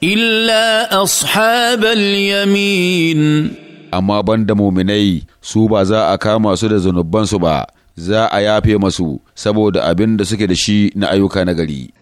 Illa أصحاب yamin. amma ban da muminai su ba za a kama su da zunubansu ba za a yafe masu saboda abin da suke da shi na ayyuka na gari.